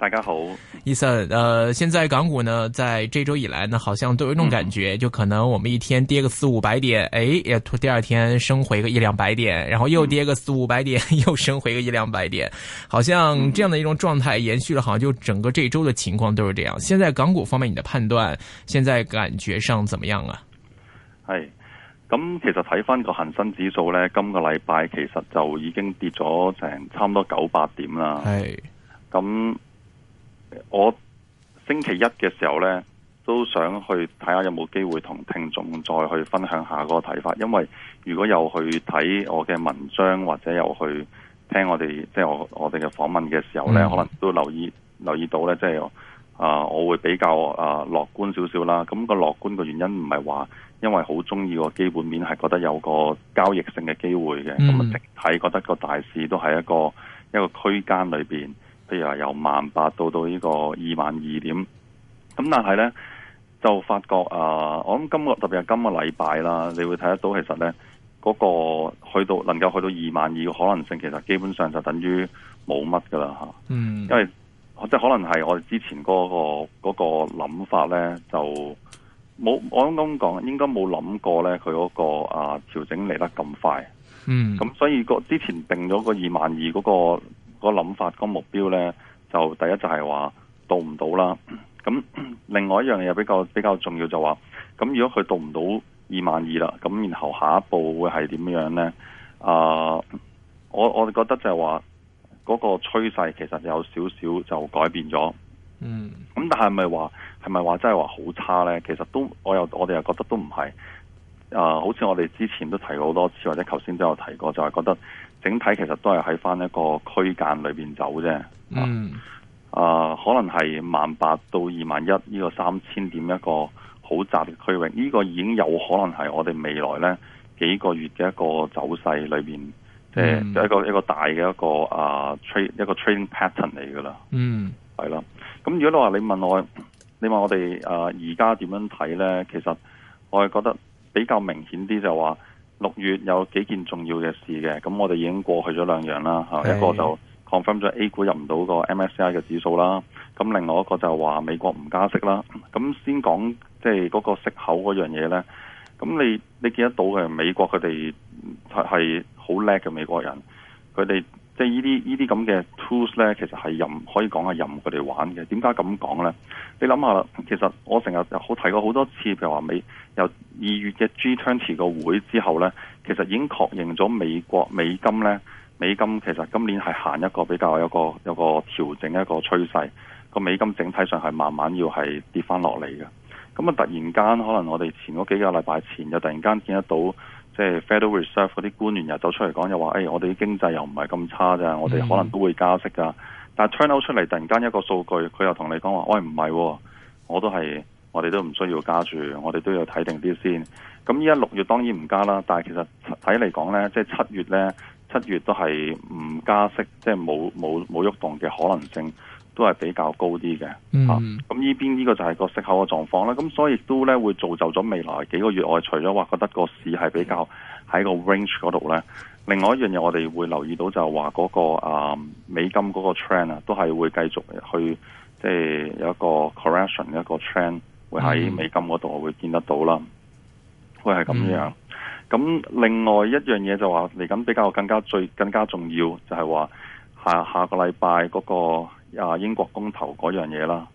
大家好，Ethan，誒，現在港股呢，在這周以來呢，好像都有一種感覺、嗯，就可能我們一天跌個四五百點，誒、哎，也第二天升回個一兩百點，然後又跌個四五百點、嗯，又升回個一兩百點，好像這樣的一種狀態延續了，好像就整個這周的情況都是這樣。現在港股方面，你的判斷，現在感覺上怎麼樣啊？係，咁、嗯、其實睇返個恒生指數呢，今個禮拜其實就已經跌咗成差唔多九百點啦。係，咁、嗯。我星期一嘅時候咧，都想去睇下有冇機會同聽眾再去分享一下個睇法，因為如果又去睇我嘅文章或者又去聽我哋即係我我哋嘅訪問嘅時候咧、嗯，可能都留意留意到咧，即係啊我會比較啊、呃、樂觀少少啦。咁、那個樂觀嘅原因唔係話因為好中意個基本面，係覺得有個交易性嘅機會嘅，咁啊整體覺得個大市都係一個一個區間裏邊。譬如由萬八到到呢個二萬二點，咁但係呢，就發覺啊、呃，我諗今個特別係今個禮拜啦，你會睇得到，其實呢嗰、那個去到能夠去到二萬二嘅可能性，其實基本上就等於冇乜噶啦吓。嗯，因為即係可能係我哋之前嗰、那個嗰、那個諗法呢，就冇我啱咁講，應該冇諗過呢，佢嗰、那個啊調整嚟得咁快。嗯，咁、嗯、所以個之前定咗個二萬二嗰個。個諗法、個目標呢，就第一就係話到唔到啦。咁另外一樣嘢比較比較重要就話，咁如果佢到唔到二萬二啦，咁然後下一步會係點樣呢？啊、呃，我我哋覺得就係話嗰個趨勢其實有少少就改變咗。嗯。咁但係咪話係咪話真係話好差呢？其實都我又我哋又覺得都唔係。啊、呃，好似我哋之前都提過好多次，或者頭先都有提過，就係、是、覺得。整體其實都係喺翻一個區間裏邊走啫、嗯，啊，可能係萬八到二萬一呢個三千點一個好窄嘅區域，呢、這個已經有可能係我哋未來呢幾個月嘅一個走勢裏邊，即、嗯、係一個一個大嘅一個啊 tr 一個 trading pattern 嚟噶啦。嗯，係啦。咁如果你話你問我，你問我哋啊，而家點樣睇呢？其實我係覺得比較明顯啲就話。六月有幾件重要嘅事嘅，咁我哋已經過去咗兩樣啦吓，一個就 confirm 咗 A 股入唔到個 MSCI 嘅指數啦，咁另外一個就話美國唔加息啦，咁先講即係嗰個息口嗰樣嘢呢，咁你你見得到嘅美國佢哋係好叻嘅美國人，佢哋。即係呢啲呢啲咁嘅 tools 咧，其實係任可以講係任佢哋玩嘅。點解咁講咧？你諗下，其實我成日好提過好多次，譬如話美由二月嘅 G20 個會之後咧，其實已經確認咗美國美金咧，美金其實今年係行一個比較有個有個調整一個趨勢，個美金整體上係慢慢要係跌翻落嚟嘅。咁啊，突然間可能我哋前嗰幾個禮拜前又突然間見得到。即係 Federal Reserve 嗰啲官員又走出嚟講，又話，誒，我哋啲經濟又唔係咁差咋，我哋可能都會加息㗎。但係 turn out 出嚟，突然間一個數據，佢又同你講話，喂、哎，唔係，我都係，我哋都唔需要加住，我哋都要睇定啲先。咁依家六月當然唔加啦，但係其實睇嚟講呢，即係七月呢，七月都係唔加息，即係冇冇冇喐動嘅可能性。都係比較高啲嘅，嚇咁呢邊呢個就係個息口嘅狀況啦。咁所以都咧會造就咗未來幾個月外，我除咗話覺得個市係比較喺個 range 嗰度咧。另外一樣嘢我哋會留意到就係話嗰個啊、嗯、美金嗰個 trend 啊，都係會繼續去即係、就是、有一個 correction 一個 trend，會喺美金嗰度會見得到啦、嗯。會係咁樣。咁、嗯、另外一樣嘢就話嚟緊比較更加最更加重要就是說，就係話下下個禮拜嗰、那個。啊！英國公投嗰樣嘢啦，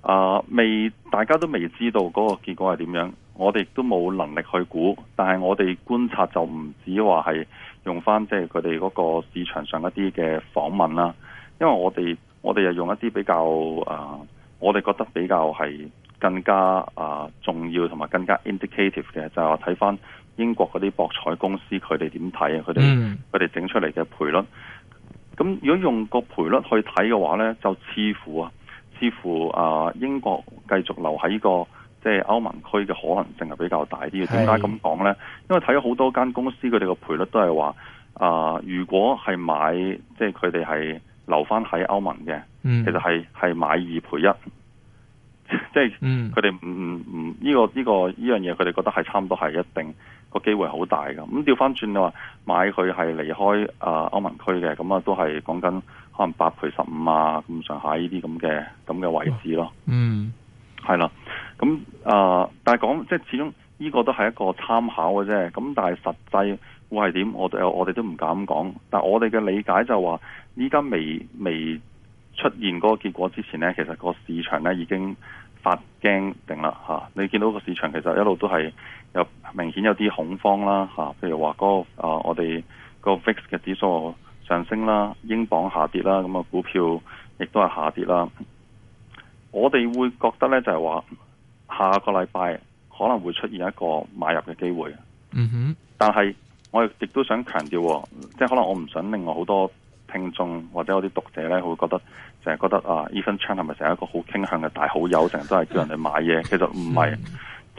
啊未，大家都未知道嗰個結果係點樣，我哋都冇能力去估，但係我哋觀察就唔止話係用返即係佢哋嗰個市場上一啲嘅訪問啦，因為我哋我哋又用一啲比較啊，我哋覺得比較係更加啊重要同埋更加 indicative 嘅，就係睇返英國嗰啲博彩公司佢哋點睇，佢哋佢哋整出嚟嘅賠率。咁如果用個賠率去睇嘅話咧，就似乎啊，似乎啊英國繼續留喺呢、呢個即係歐盟區嘅可能性係比較大啲嘅。點解咁講咧？因為睇好多間公司佢哋個賠率都係話啊，如果係買即係佢哋係留翻喺歐盟嘅，嗯、其實係係買二賠一，嗯、即係佢哋唔唔唔，呢、嗯嗯嗯呢個呢、呢個呢樣嘢佢哋覺得係差唔多係一定。個機會好大㗎，咁調翻轉你話買佢係離開啊、呃、歐盟區嘅，咁啊都係講緊可能八倍十五啊咁上下呢啲咁嘅咁嘅位置咯。嗯，係啦，咁、嗯、啊、呃，但係講即係始終呢個都係一個參考嘅啫。咁但係實際會係點？我我哋都唔敢講。但我哋嘅理解就話，依家未未出現嗰個結果之前呢，其實個市場呢已經發驚定啦、啊、你見到個市場其實一路都係。有明顯有啲恐慌啦、啊、譬如話嗰、那個啊，我哋個 VIX 嘅指數上升啦，英鎊下跌啦，咁、嗯、啊股票亦都係下跌啦。我哋會覺得咧就係、是、話下個禮拜可能會出現一個買入嘅機會。嗯哼，但係我亦都想強調，啊、即係可能我唔想令我好多聽眾或者我啲讀者咧會覺得就係、是、覺得啊，Ethan Chan 係咪成日一個好傾向嘅大好友，成日都係叫人哋買嘢？ 其實唔係。嗯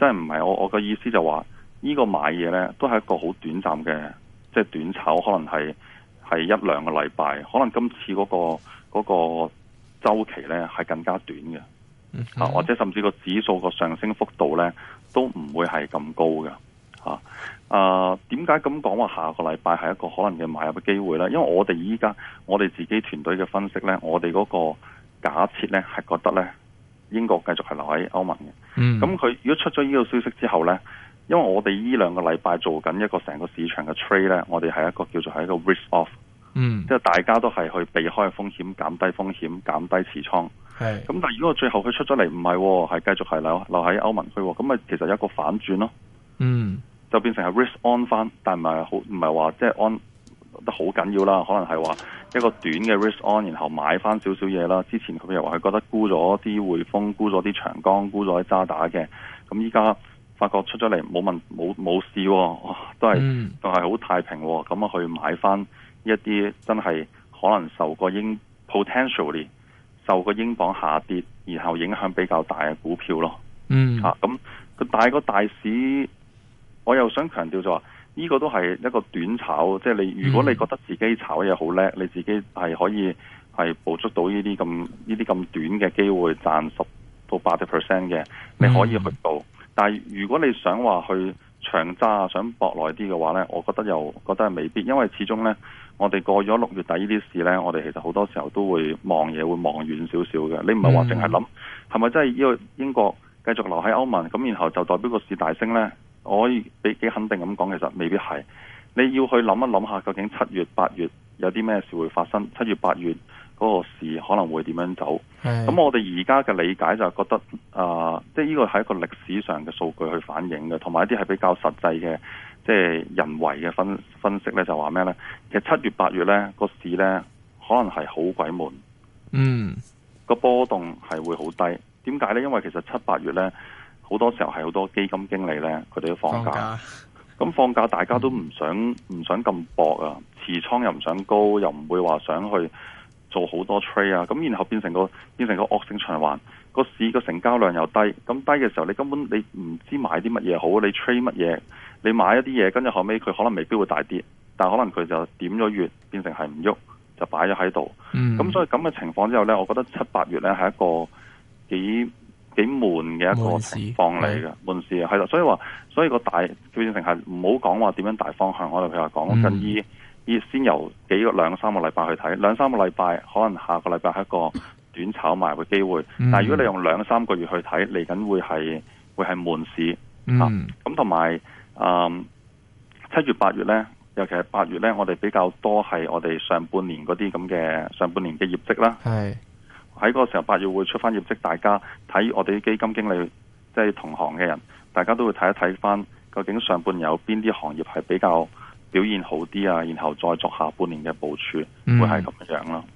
真係唔係我我嘅意思就話，呢個買嘢呢都係一個好短暫嘅，即係短炒，可能係係一兩個禮拜，可能今次嗰個嗰個周期呢係更加短嘅，mm -hmm. 啊或者甚至個指數個上升幅度呢都唔會係咁高嘅，嚇啊點解咁講話下個禮拜係一個可能嘅買入嘅機會呢？因為我哋依家我哋自己團隊嘅分析呢，我哋嗰個假設呢係覺得呢。英國繼續係留喺歐盟嘅，咁、嗯、佢如果出咗呢個消息之後咧，因為我哋呢兩個禮拜做緊一個成個市場嘅 trade 咧，我哋係一個叫做係一個 risk off，、嗯、即係大家都係去避開風險、減低風險、減低持倉。係，咁但係如果最後佢出咗嚟唔係喎，係、哦、繼續係留留喺歐盟區喎、哦，咁咪其實一個反轉咯、啊。嗯，就變成係 risk on 翻，但唔係好，唔係話即係 on，得好緊要啦，可能係話一個短嘅 risk on，然後買翻少少嘢啦。之前佢又話佢覺得沽咗啲匯豐、沽咗啲長江、沽咗啲渣打嘅。咁依家發覺出咗嚟冇問冇冇事喎、哦，都係、嗯、都係好太平喎、哦。咁啊去買翻一啲真係可能受個英 potentially 受個英鎊下跌，然後影響比較大嘅股票咯。嗯，嚇咁佢大個大市，我又想強調咗。呢個都係一個短炒，即係你如果你覺得自己炒嘢好叻，你自己係可以係捕捉到呢啲咁呢啲咁短嘅機會賺十到八十 percent 嘅，你可以去到。但係如果你想話去長揸，想博耐啲嘅話呢，我覺得又覺得係未必，因為始終呢，我哋過咗六月底呢啲事呢，我哋其實好多時候都會望嘢會望遠少少嘅。你唔係話淨係諗係咪真係呢個英國繼續留喺歐盟咁，然後就代表個市大升呢？我可以比幾肯定咁講，其實未必係。你要去諗一諗下，究竟七月八月有啲咩事會發生？七月八月嗰個市可能會點樣走？咁我哋而家嘅理解就係覺得，呃、即係呢個係一個歷史上嘅數據去反映嘅，同埋一啲係比較實際嘅，即係人為嘅分分析呢，就話咩呢？其實七月八月呢、呢個市呢，可能係好鬼悶。嗯，個波動係會好低。點解呢？因為其實七八月呢。好多時候係好多基金經理呢，佢哋都放假。咁放，放假大家都唔想唔，嗯、想咁搏啊，持倉又唔想高，又唔會話想去做好多 trade 啊。咁然後變成個變成個惡性循環，個市個成交量又低。咁低嘅時候，你根本你唔知買啲乜嘢好，你 trade 乜嘢，你買一啲嘢，跟住後尾，佢可能未必會大跌，但係可能佢就點咗月，變成係唔喐，就擺咗喺度。咁、嗯、所以咁嘅情況之後呢，我覺得七八月呢係一個幾。幾悶嘅一個情況嚟嘅，悶市啊，係啦，所以話，所以個大變成係唔好講話點樣大方向，我哋譬如話講緊依依先由幾個兩三個禮拜去睇，兩三個禮拜可能下個禮拜係一個短炒埋嘅機會，嗯、但係如果你用兩三個月去睇，嚟緊會係會係悶市啊，咁同埋，嗯，啊呃、七月八月咧，尤其係八月咧，我哋比較多係我哋上半年嗰啲咁嘅上半年嘅業績啦，係。喺個時候八月會出翻業績，大家睇我哋啲基金經理，即係同行嘅人，大家都會睇一睇翻，究竟上半年有邊啲行業係比較表現好啲啊，然後再作下半年嘅部署，會係咁樣咯。嗯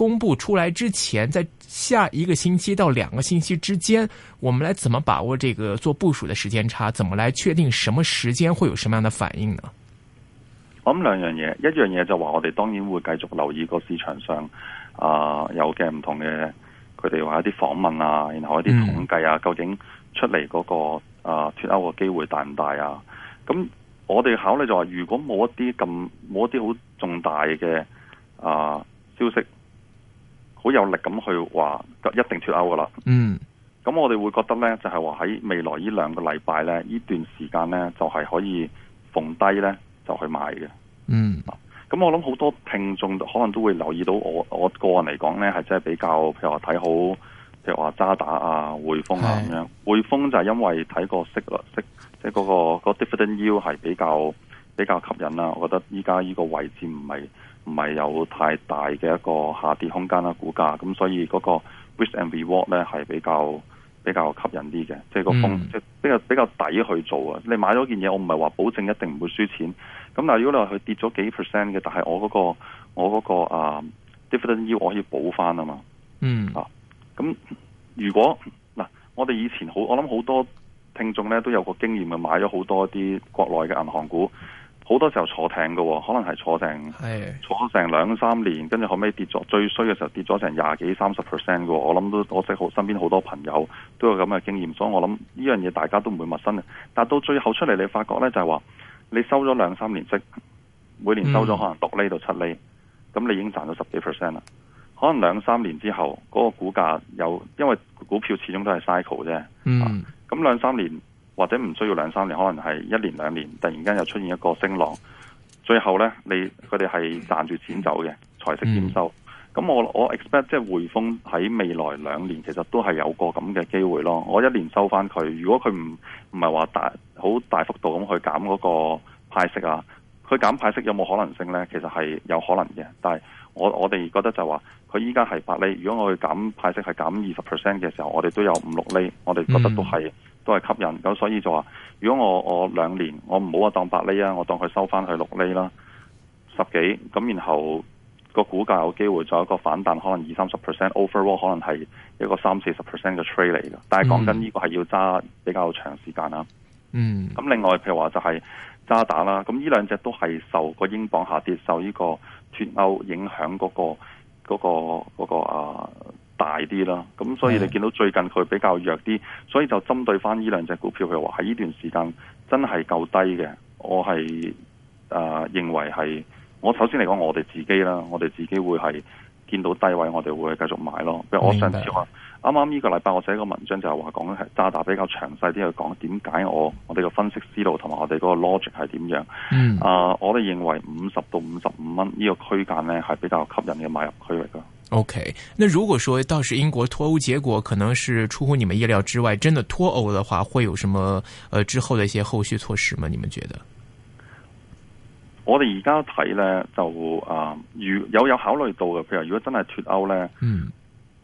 公布出來之前，在下一個星期到兩個星期之間，我們來怎麼把握這個做部署的時間差？怎麼來確定什麼時間會有什麼樣的反應呢？咁兩樣嘢，一樣嘢就話我哋當然會繼續留意個市場上啊、呃、有嘅唔同嘅佢哋話一啲訪問啊，然後一啲統計啊，究竟出嚟嗰個啊、呃、脫歐嘅機會大唔大啊？咁我哋考慮就話，如果冇一啲咁冇一啲好重大嘅啊、呃、消息。好有力咁去話，一定脫歐噶啦。嗯，咁我哋會覺得呢，就係話喺未來呢兩個禮拜呢，呢段時間呢，就係、是、可以逢低呢就去買嘅。嗯，咁、啊、我諗好多聽眾可能都會留意到我，我我個人嚟講呢，係真係比較譬如話睇好，譬如話渣打啊、匯豐啊咁樣。匯豐就係因為睇、個息率即係嗰個個 dividend yield 係比較比較吸引啦。我覺得依家呢個位置唔係。唔係有太大嘅一個下跌空間啦，股價咁，咁所以嗰個 risk and reward 咧係比較比較吸引啲嘅，即係個風即係比較比較抵去做啊！你買咗件嘢，我唔係話保證一定唔會輸錢。咁但係，如果你話佢跌咗幾 percent 嘅，但係我嗰、那個我嗰、那個啊、uh, dividend yield 我可以補翻啊嘛。嗯啊，咁如果嗱，我哋以前好，我諗好多聽眾咧都有個經驗嘅，買咗好多啲國內嘅銀行股。好多時候坐艇嘅、哦，可能係坐成坐成兩三年，跟住後尾跌咗，最衰嘅時候跌咗成廿幾三十 percent 嘅。我諗都我識好身邊好多朋友都有咁嘅經驗，所以我諗呢樣嘢大家都唔會陌生嘅。但到最後出嚟，你發覺呢就係、是、話，你收咗兩三年息，每年收咗可能六厘到七厘，咁、嗯、你已經賺咗十幾 percent 啦。可能兩三年之後，嗰、那個股價有，因為股票始終都係 cycle 啫。咁、嗯啊、兩三年。或者唔需要兩三年，可能係一年兩年，突然間又出現一個升浪，最後呢，你佢哋係賺住錢走嘅，財息兼收。咁我我 expect 即係匯豐喺未來兩年，其實都係有個咁嘅機會咯。我一年收翻佢，如果佢唔唔係話大好大幅度咁去減嗰個派息啊，佢減派息有冇可能性呢？其實係有可能嘅。但係我我哋覺得就話，佢依家係八厘，如果我去減派息係減二十 percent 嘅時候，我哋都有五六厘，我哋覺得都係。嗯都係吸引咁，所以就話，如果我我兩年我唔好話當百厘啊，我當佢收翻去六厘啦，十幾咁，然後、嗰個股價有機會再有一個反彈，可能二三十 percent，overall 可能係一個三四十 percent 嘅 trade 嚟嘅。但係講緊呢個係要揸比較長時間啦。嗯，咁另外譬如話就係、係、渣打啦，咁呢兩隻都係受個英鎊下跌、受呢個脫歐影響嗰、嗰個嗰、嗰個嗰、嗰個嗰個啊。大啲啦，咁所以你見到最近佢比較弱啲，所以就針對翻呢兩隻股票，佢話喺呢段時間真係夠低嘅，我係啊、呃、認為係我首先嚟講，我哋自己啦，我哋自己會係見到低位，我哋會繼續買咯。譬如我上次話，啱啱呢個禮拜我寫一個文章就係話講，係渣打比較詳細啲去講點解我我哋嘅分析思路同埋我哋嗰個 logic 係點樣。嗯啊、呃，我哋認為五十到五十五蚊呢個區間咧係比較吸引嘅買入區域咯。O、okay. K，那如果說到時英國脫歐結果，可能是出乎你們意料之外，真的脫歐的話，會有什麼？呃，之後的一些後續措施嗎？你們覺得？我哋而家睇咧就啊、呃，有有，有考慮到嘅，譬如如果真係脫歐咧，嗯，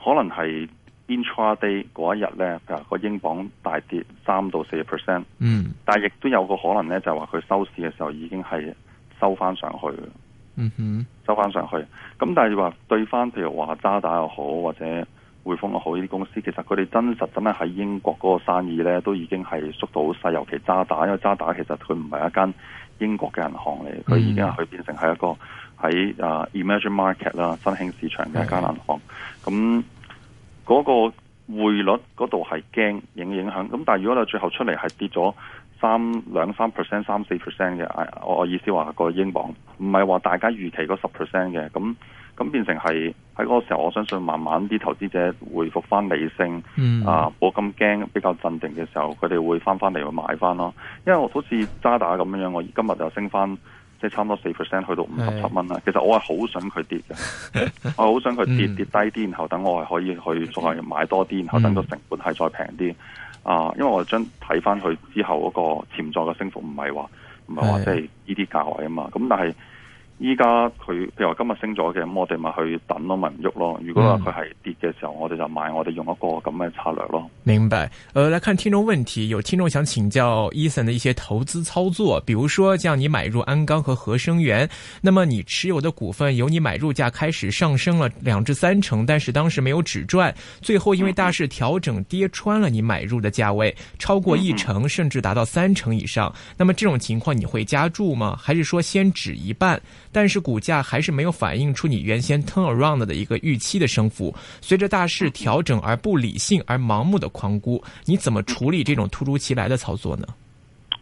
可能係 intraday 嗰一日咧，譬如個英鎊大跌三到四 percent，嗯，但係亦都有個可能咧，就係話佢收市嘅時候已經係收翻上去。嗯哼，收翻上去。咁但係話對翻，譬如話渣打又好，或者匯豐又好呢啲公司，其實佢哋真實真係喺英國嗰個生意咧，都已經係縮到好細。尤其渣打，因為渣打其實佢唔係一間英國嘅銀行嚟，佢、嗯、已經係佢變成係一個喺誒 emerging market 啦，新興市場嘅一間銀行。咁嗰個匯率嗰度係驚影影響。咁但係如果你最後出嚟係跌咗。三兩三 percent、三四 percent 嘅，我我意思話個英鎊，唔係話大家預期個十 percent 嘅，咁咁變成係喺嗰個時候，我相信慢慢啲投資者回復翻理性，嗯、啊冇咁驚，比較鎮定嘅時候，佢哋會翻翻嚟去買翻咯。因為我好似渣打咁樣，我今日就升翻，即係差唔多四 percent 去到五十七蚊啦。其實我係好想佢跌嘅， 我好想佢跌跌低啲，然後等我係可以去再買多啲，然後等個成本係再平啲。嗯嗯啊，因為我將睇翻佢之後嗰個潛在嘅升幅，唔係話唔係話即係呢啲價位啊嘛，咁但係。依家佢譬如話今日升咗嘅，咁我哋咪去等咯，咪唔喐咯。如果話佢係跌嘅時候，我哋就買，我哋用一個咁嘅策略咯。明白。呃，來看聽眾問題，有聽眾想請教 Ethan 的一些投資操作，比如說像你買入鞍鋼和合生元，那麼你持有的股份由你買入價開始上升了兩至三成，但是當時沒有止賺，最後因為大市調整跌穿了你買入的價位，超過一成甚至達到三成以上，那麼這種情況你會加注嗎？還是說先止一半？但是股價還是沒有反映出你原先 turn around 的一個預期的升幅，隨着大市調整而不理性而盲目的狂沽，你怎麼處理這種突如其來的操作呢？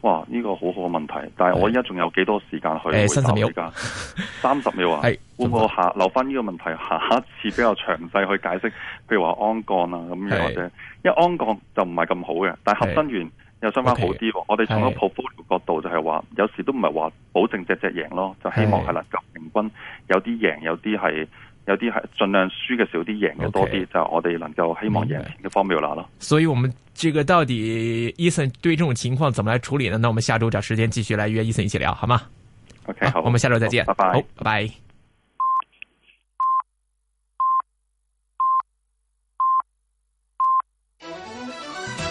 哇，呢個好好嘅問題，但係我依家仲有幾多時間去？誒、哎，三十秒，三十秒啊，哎、會唔會下留翻呢個問題下一次比較詳細去解釋？譬如話安鋼啊咁樣或者，因為安鋼就唔係咁好嘅，但係合生元。又收翻好啲，okay. 我哋從一個 portfolio、hey. 角度就係話，有時都唔係話保證隻隻贏咯，就希望係能夠平均，有啲贏，有啲係，有啲係盡量輸嘅少啲，贏嘅多啲，okay. 就我哋能夠希望贏嘅方面咯。Okay. 所以，我們這個到底 Ethan 對這種情況怎麼來處理呢？那我們下周找時間繼續來約 Ethan 一起聊，好嗎？OK，好，好，我們下周再見，拜拜，好，拜拜。